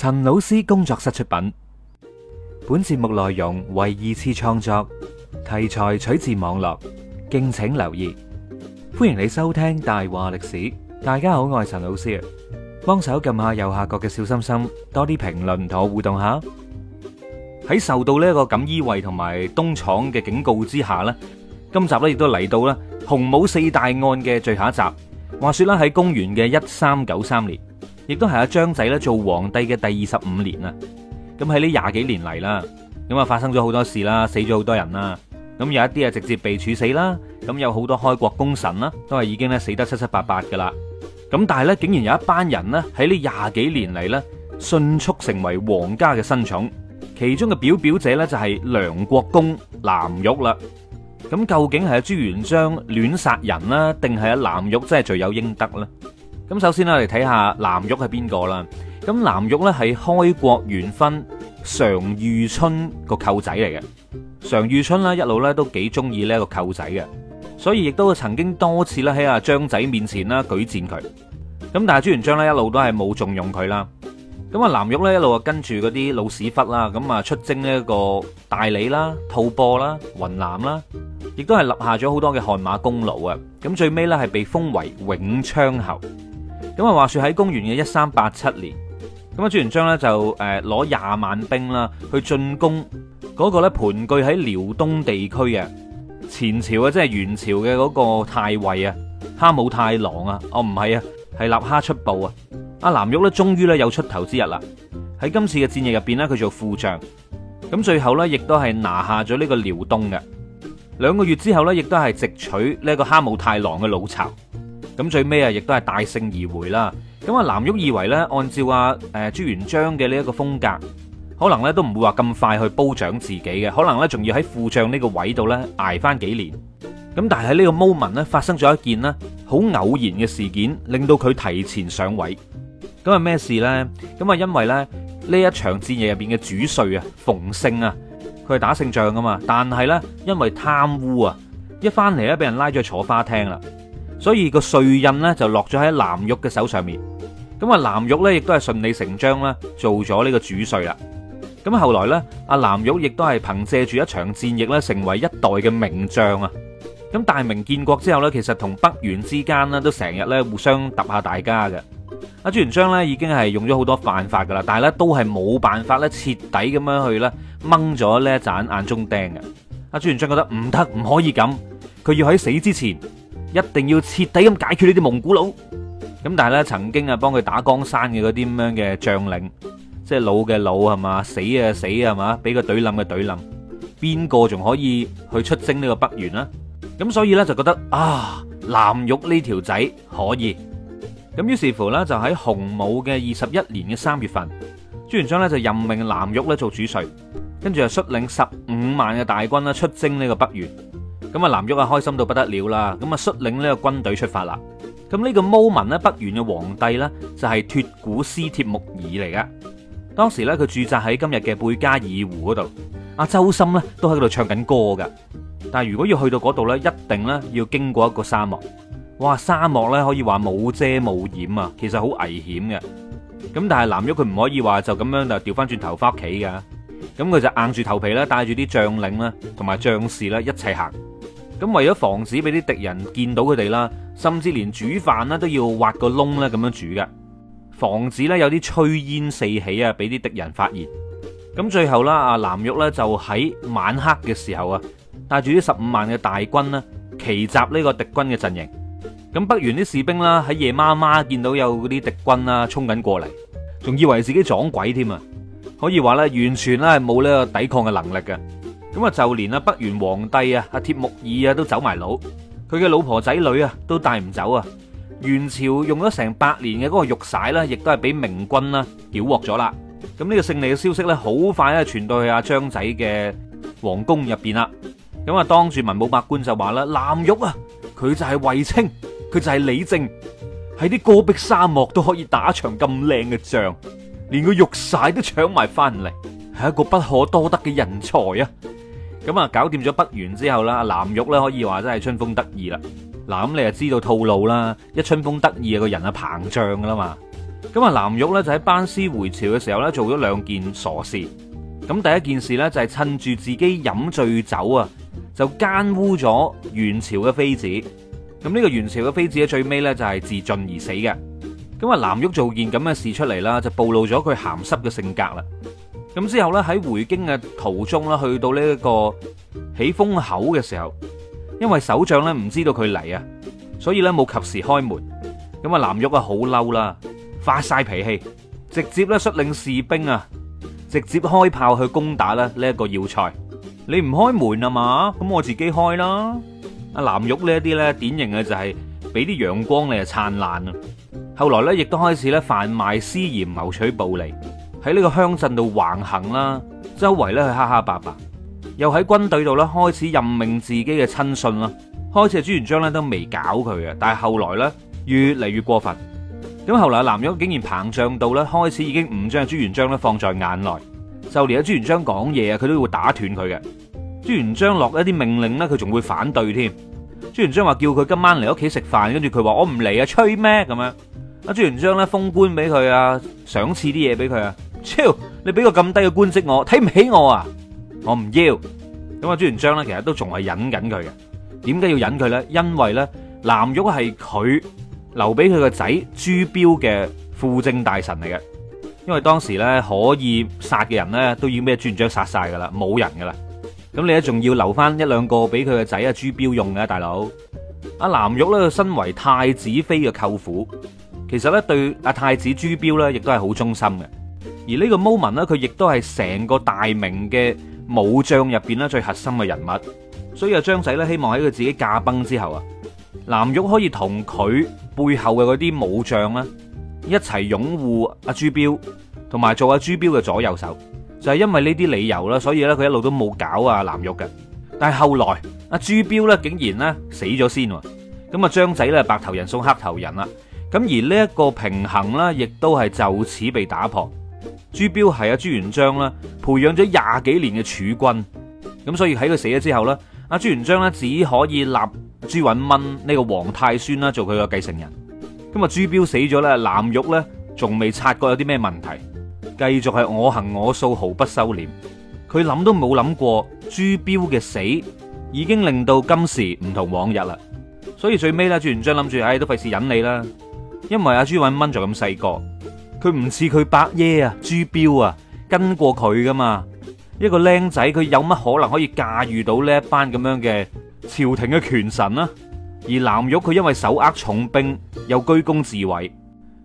陳老師工作室出品，本節目內容為二次創作，題材取自網絡，敬請留意。歡迎你收聽《大話歷史》，大家好，我係陳老師啊，幫手撳下右下角嘅小心心，多啲評論同我互動下。喺受到呢一個錦衣衛同埋東廠嘅警告之下咧，今集呢亦都嚟到啦，洪武四大案嘅最後一集。話說啦，喺公元嘅一三九三年。亦都係阿張仔咧做皇帝嘅第二十五年啊！咁喺呢廿幾年嚟啦，咁啊發生咗好多事啦，死咗好多人啦，咁有一啲啊直接被處死啦，咁有好多開國功臣啦，都係已經咧死得七七八八噶啦。咁但係咧，竟然有一班人呢，喺呢廿幾年嚟呢，迅速成為皇家嘅新寵。其中嘅表表者呢，就係梁國公藍玉啦。咁究竟係阿朱元璋亂殺人啦，定係阿藍玉真係罪有應得呢？咁首先咧，我哋睇下藍玉係邊個啦。咁藍玉咧係開國元勛常遇春個舅仔嚟嘅。常遇春咧一路咧都幾中意呢一個舅仔嘅，所以亦都曾經多次咧喺阿張仔面前啦舉薦佢。咁但係朱元璋咧一路都係冇重用佢啦。咁啊，藍玉咧一路啊跟住嗰啲老屎忽啦，咁啊出征呢一個大理啦、吐蕃啦、雲南啦，亦都係立下咗好多嘅汗馬功勞啊。咁最尾咧係被封為永昌侯。因為話說喺公元嘅一三八七年，咁啊朱元璋咧就誒攞廿萬兵啦去進攻嗰個咧盤踞喺遼東地區嘅前朝啊，即係元朝嘅嗰個太尉啊，哈姆太郎、哦、啊，哦唔係啊，係納哈出部啊，啊藍玉咧終於咧有出頭之日啦，喺今次嘅戰役入邊咧佢做副將，咁最後咧亦都係拿下咗呢個遼東嘅，兩個月之後咧亦都係直取呢個哈姆太郎嘅老巢。咁最尾啊，亦都係大勝而回啦。咁啊，藍玉以為呢，按照啊，誒朱元璋嘅呢一個風格，可能呢都唔會話咁快去褒獎自己嘅，可能呢，仲要喺副將呢個位度呢，捱翻幾年。咁但係呢個 moment 呢，發生咗一件呢好偶然嘅事件，令到佢提前上位。咁係咩事呢？咁啊，因為呢，呢一場戰役入邊嘅主帥啊，馮勝啊，佢係打勝仗噶嘛，但係呢，因為貪污啊，一翻嚟呢，俾人拉咗去坐花廳啦。所以個帥印咧就落咗喺藍玉嘅手上面，咁啊藍玉咧亦都係順理成章啦，做咗呢個主帥啦。咁後來咧，阿藍玉亦都係憑借住一場戰役咧，成為一代嘅名將啊！咁大明建國之後咧，其實同北元之間咧都成日咧互相揼下大家嘅。阿朱元璋咧已經係用咗好多辦法噶啦，但係咧都係冇辦法咧徹底咁樣去咧掹咗呢一盞眼中釘嘅。阿朱元璋覺得唔得唔可以咁，佢要喺死之前。一定要徹底咁解決呢啲蒙古佬，咁但係咧曾經啊幫佢打江山嘅嗰啲咁樣嘅將領，即係老嘅老係嘛，死嘅死係嘛，俾佢懟冧嘅懟冧，邊個仲可以去出征呢個北元啊？咁所以咧就覺得啊，藍玉呢條仔可以，咁於是乎咧就喺洪武嘅二十一年嘅三月份，朱元璋咧就任命藍玉咧做主帥，跟住就率領十五萬嘅大軍啦出征呢個北元。咁啊，藍玉啊，開心到不得了啦！咁啊，率領呢個軍隊出發啦。咁呢個 moment 咧，北元嘅皇帝呢，就係脫古斯鐵木兒嚟噶。當時呢，佢駐紮喺今日嘅貝加爾湖嗰度。阿周深呢，都喺度唱緊歌噶。但係如果要去到嗰度呢，一定呢要經過一個沙漠。哇，沙漠呢可以話冇遮冇掩啊，其實好危險嘅。咁但係藍玉，佢唔可以話就咁樣就掉翻轉頭翻屋企噶。咁佢就硬住頭皮啦，帶住啲將領啦，同埋將士啦，一齊行。咁為咗防止俾啲敵人見到佢哋啦，甚至連煮飯啦都要挖個窿咧，咁樣煮嘅，防止咧有啲炊煙四起啊，俾啲敵人發現。咁最後啦，啊藍玉咧就喺晚黑嘅時候啊，帶住啲十五萬嘅大軍呢，奇襲呢個敵軍嘅陣營。咁北元啲士兵啦喺夜媽媽見到有嗰啲敵軍啦沖緊過嚟，仲以為自己撞鬼添啊！可以話呢，完全咧係冇呢個抵抗嘅能力嘅。咁啊，就連啊北元皇帝啊阿鐵、啊、木兒啊都走埋佬，佢嘅老婆仔女啊都帶唔走啊。元朝用咗成百年嘅嗰個玉璽咧，啊，亦都係俾明軍啦繳獲咗啦。咁呢個勝利嘅消息咧，啊，好快咧傳到去阿、啊、張仔嘅皇宮入邊啦。咁啊，當住文武百官就話啦：藍玉啊，佢就係衛青，佢就係李靖，喺啲戈壁沙漠都可以打場咁靚嘅仗，連個玉璽都搶埋翻嚟，係一個不可多得嘅人才啊！咁啊，搞掂咗北元之後啦，藍玉咧可以話真係春風得意啦。嗱，咁你就知道套路啦，一春風得意啊，個人啊膨脹噶啦嘛。咁啊，藍玉咧就喺班師回朝嘅時候咧做咗兩件傻事。咁第一件事咧就係趁住自己飲醉酒啊，就奸污咗元朝嘅妃子。咁呢個元朝嘅妃子咧最尾咧就係自盡而死嘅。咁啊，藍玉做件咁嘅事出嚟啦，就暴露咗佢鹹濕嘅性格啦。咁之後咧喺回京嘅途中啦，去到呢一個起風口嘅時候，因為守將咧唔知道佢嚟啊，所以咧冇及時開門。咁啊，藍玉啊好嬲啦，發晒脾氣，直接咧率領士兵啊，直接開炮去攻打啦呢一個要塞。你唔開門啊嘛，咁我自己開啦。阿藍玉呢一啲咧，典型嘅就係俾啲陽光你就燦爛啊。後來咧亦都開始咧販賣私鹽謀取暴利。喺呢個鄉鎮度橫行啦，周圍咧去哈哈白白，又喺軍隊度咧開始任命自己嘅親信啦。開始阿朱元璋咧都未搞佢嘅，但係後來咧越嚟越過分。咁後來阿藍玉竟然膨脹到咧，開始已經唔將朱元璋咧放在眼內，就連阿朱元璋講嘢啊，佢都會打斷佢嘅。朱元璋落一啲命令咧，佢仲會反對添。朱元璋話叫佢今晚嚟屋企食飯，跟住佢話我唔嚟啊，吹咩？咁樣。阿朱元璋咧封官俾佢啊，賞賜啲嘢俾佢啊。超，你俾個咁低嘅官職我，睇唔起我啊！我唔要。咁阿朱元璋咧，其實都仲係忍緊佢嘅。點解要忍佢咧？因為咧，藍玉係佢留俾佢個仔朱標嘅副政大臣嚟嘅。因為當時咧可以殺嘅人咧都已經咩朱元璋殺晒噶啦，冇人噶啦。咁你咧仲要留翻一兩個俾佢個仔啊朱標用嘅大佬。阿藍玉咧身為太子妃嘅舅父，其實咧對阿太子朱標咧亦都係好忠心嘅。而呢個 moment 呢，佢亦都係成個大明嘅武將入邊呢最核心嘅人物，所以阿張仔呢希望喺佢自己駕崩之後啊，藍玉可以同佢背後嘅嗰啲武將呢一齊擁護阿朱標，同埋做阿朱標嘅左右手。就係、是、因為呢啲理由啦，所以呢，佢一路都冇搞啊藍玉嘅。但係後來阿朱標呢竟然呢死咗先喎，咁啊張仔呢白頭人送黑頭人啦。咁而呢一個平衡呢，亦都係就此被打破。朱標係啊朱元璋啦，培養咗廿幾年嘅儲君，咁所以喺佢死咗之後咧，阿朱元璋咧只可以立朱允炆呢個皇太孫啦做佢個繼承人。咁啊朱標死咗咧，藍玉咧仲未察覺有啲咩問題，繼續係我行我素，毫不收斂。佢諗都冇諗過朱標嘅死已經令到今時唔同往日啦。所以最尾咧朱元璋，諗住唉都費事忍你啦，因為阿朱允炆就咁細個。佢唔似佢伯爺啊，朱標啊，跟過佢噶嘛？一個僆仔，佢有乜可能可以駕馭到呢一班咁樣嘅朝廷嘅權臣啊？而藍玉佢因為手握重兵，又居功自偉，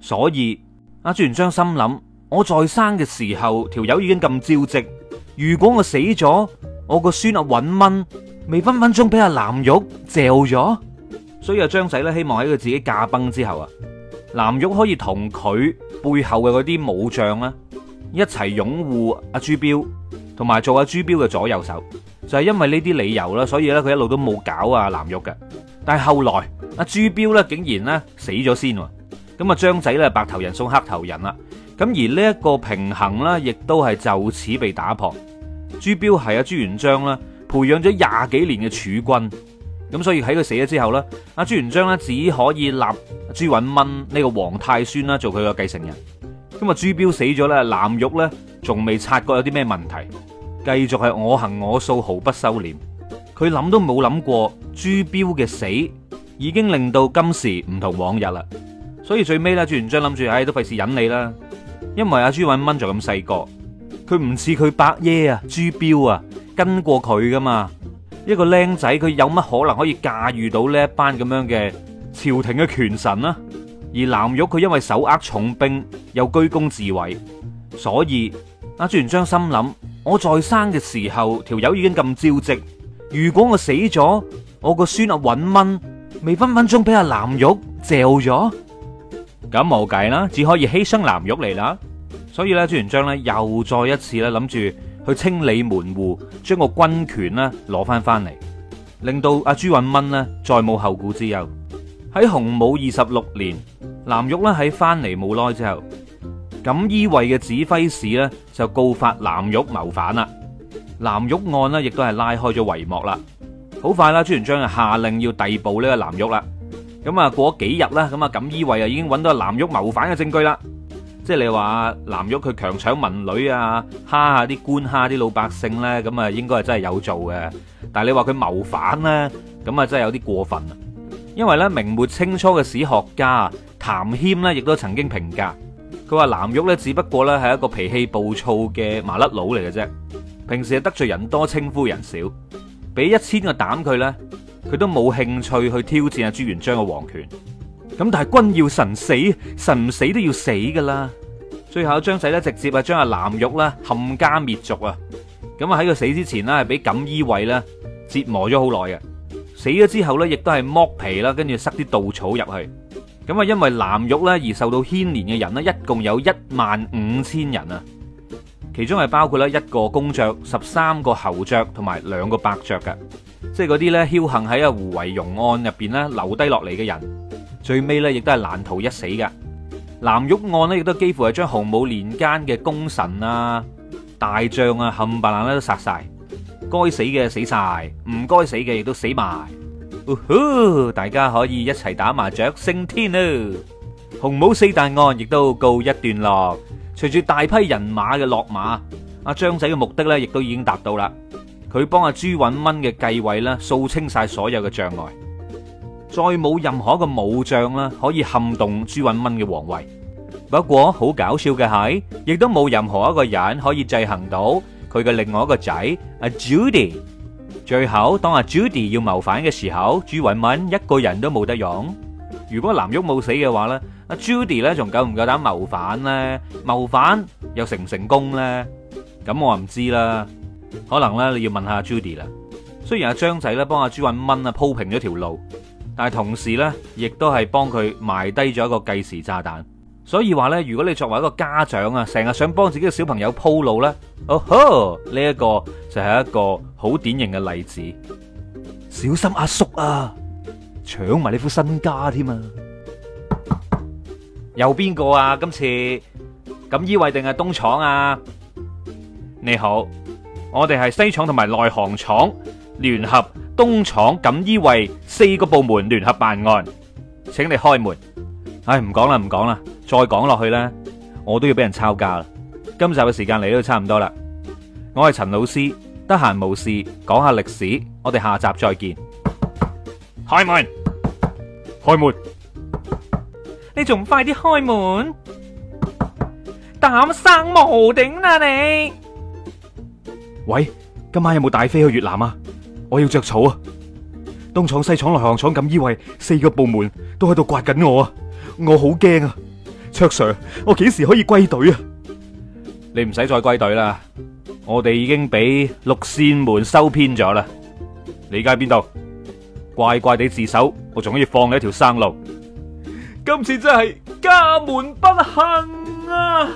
所以阿朱元璋心諗：我再生嘅時候條友、這個、已經咁招積，如果我死咗，我個孫阿允炆未分分鐘俾阿藍玉嚼咗，所以阿、啊、張仔咧希望喺佢自己駕崩之後啊。藍玉可以同佢背後嘅嗰啲武將啊一齊擁護阿朱標，同埋做阿朱標嘅左右手，就係因為呢啲理由啦，所以咧佢一路都冇搞阿藍玉嘅。但係後來阿朱標咧竟然咧死咗先，咁啊張仔咧白頭人送黑頭人啦，咁而呢一個平衡啦，亦都係就此被打破。朱標係阿朱元璋啦，培養咗廿幾年嘅儲君。咁所以喺佢死咗之後咧，阿朱元璋咧只可以立朱允炆呢個皇太孫啦做佢個繼承人。咁啊朱標死咗咧，藍玉咧仲未察覺有啲咩問題，繼續係我行我素，毫不收斂。佢諗都冇諗過朱標嘅死已經令到今時唔同往日啦。所以最尾咧，朱元璋諗住唉都費事忍你啦，因為阿朱允炆仲咁細個，佢唔似佢伯爺啊朱標啊跟過佢噶嘛。一個僆仔，佢有乜可能可以駕馭到呢一班咁樣嘅朝廷嘅權臣呢？而藍玉佢因為手握重兵又居功自偉，所以阿、啊、朱元璋心諗：我再生嘅時候條友已經咁招積。如果我死咗，我個孫阿允炆未分分鐘俾阿、啊、藍玉嚼咗，咁冇計啦，只可以犧牲藍玉嚟啦。所以咧、啊，朱元璋咧又再一次咧諗住。去清理門戶，將個軍權咧攞翻翻嚟，令到阿朱允炆咧再冇後顧之憂。喺洪武二十六年，藍玉咧喺翻嚟冇耐之後，錦衣衛嘅指揮使咧就告發藍玉謀反啦。藍玉案咧亦都係拉開咗帷幕啦。好快啦，朱元璋就下令要逮捕呢個藍玉啦。咁啊過幾日啦，咁啊錦衣衛啊已經揾到阿藍玉謀反嘅證據啦。即係你話藍玉佢強搶民女啊，蝦下啲官蝦啲老百姓呢，咁啊應該係真係有做嘅，但係你話佢謀反呢，咁啊真係有啲過分啊！因為呢，明末清初嘅史學家譚謙呢，亦都曾經評價，佢話藍玉呢，只不過呢係一個脾氣暴躁嘅麻甩佬嚟嘅啫，平時係得罪人多稱呼人少，俾一千個膽佢呢，佢都冇興趣去挑戰阿朱元璋嘅皇權。咁但係君要臣死，臣唔死都要死噶啦。最後張仔咧直接啊將阿藍玉啦冚家滅族啊。咁啊喺佢死之前咧，係俾錦衣衛咧折磨咗好耐嘅。死咗之後咧，亦都係剝皮啦，跟住塞啲稻草入去。咁啊，因為藍玉咧而受到牽連嘅人咧，一共有一萬五千人啊。其中係包括咧一個公爵、十三個侯爵同埋兩個伯爵嘅，即係嗰啲咧僥幸喺啊胡惟庸案入邊咧留低落嚟嘅人。最尾咧，亦都係難逃一死噶。藍玉案呢，亦都幾乎係將洪武年間嘅功臣啊、大將啊，冚唪唥咧都殺晒。該死嘅死晒，唔該死嘅亦都死埋。嗚、uh、呼！Huh，大家可以一齊打麻雀升天啊！洪武四大案亦都告一段落。隨住大批人馬嘅落馬，阿、啊、張仔嘅目的咧，亦都已經達到啦。佢幫阿朱允炆嘅繼位咧，掃清晒所有嘅障礙。再冇任何一個武將啦，可以撼動朱允炆嘅皇位。不過好搞笑嘅係，亦都冇任何一個人可以制衡到佢嘅另外一個仔阿 Judy。最後當阿 Judy 要謀反嘅時候，朱允炆一個人都冇得用。如果藍玉冇死嘅話咧，阿 Judy 咧仲夠唔夠膽謀反咧？謀反又成唔成功咧？咁我唔知啦。可能咧你要問下阿 Judy 啦。雖然阿張仔咧幫阿朱允炆啊鋪平咗條路。但同時咧，亦都係幫佢埋低咗一個計時炸彈。所以話呢，如果你作為一個家長啊，成日想幫自己嘅小朋友鋪路呢，哦呵，呢一個就係一個好典型嘅例子。小心阿、啊、叔啊，搶埋你副身家添啊！有邊個啊？今次咁錦衣衛定係東廠啊？你好，我哋係西廠同埋內行廠聯合。東廠錦衣衛四個部門聯合辦案，請你開門。唉，唔講啦，唔講啦，再講落去啦，我都要俾人抄家啦。今集嘅時間嚟到都差唔多啦，我係陳老師，得閒無事講下歷史，我哋下集再見。開門，開門，你仲唔快啲開門？膽生毛頂呀你！喂，今晚有冇帶飛去越南啊？我要着草啊！東廠西廠內行廠，咁依位四個部門都喺度刮緊我啊！我好驚啊！卓 Sir，我幾時可以歸隊啊？你唔使再歸隊啦，我哋已經俾六扇門收編咗啦。你而家喺邊度？乖乖地自首，我仲可以放你一條生路。今次真係家門不幸啊！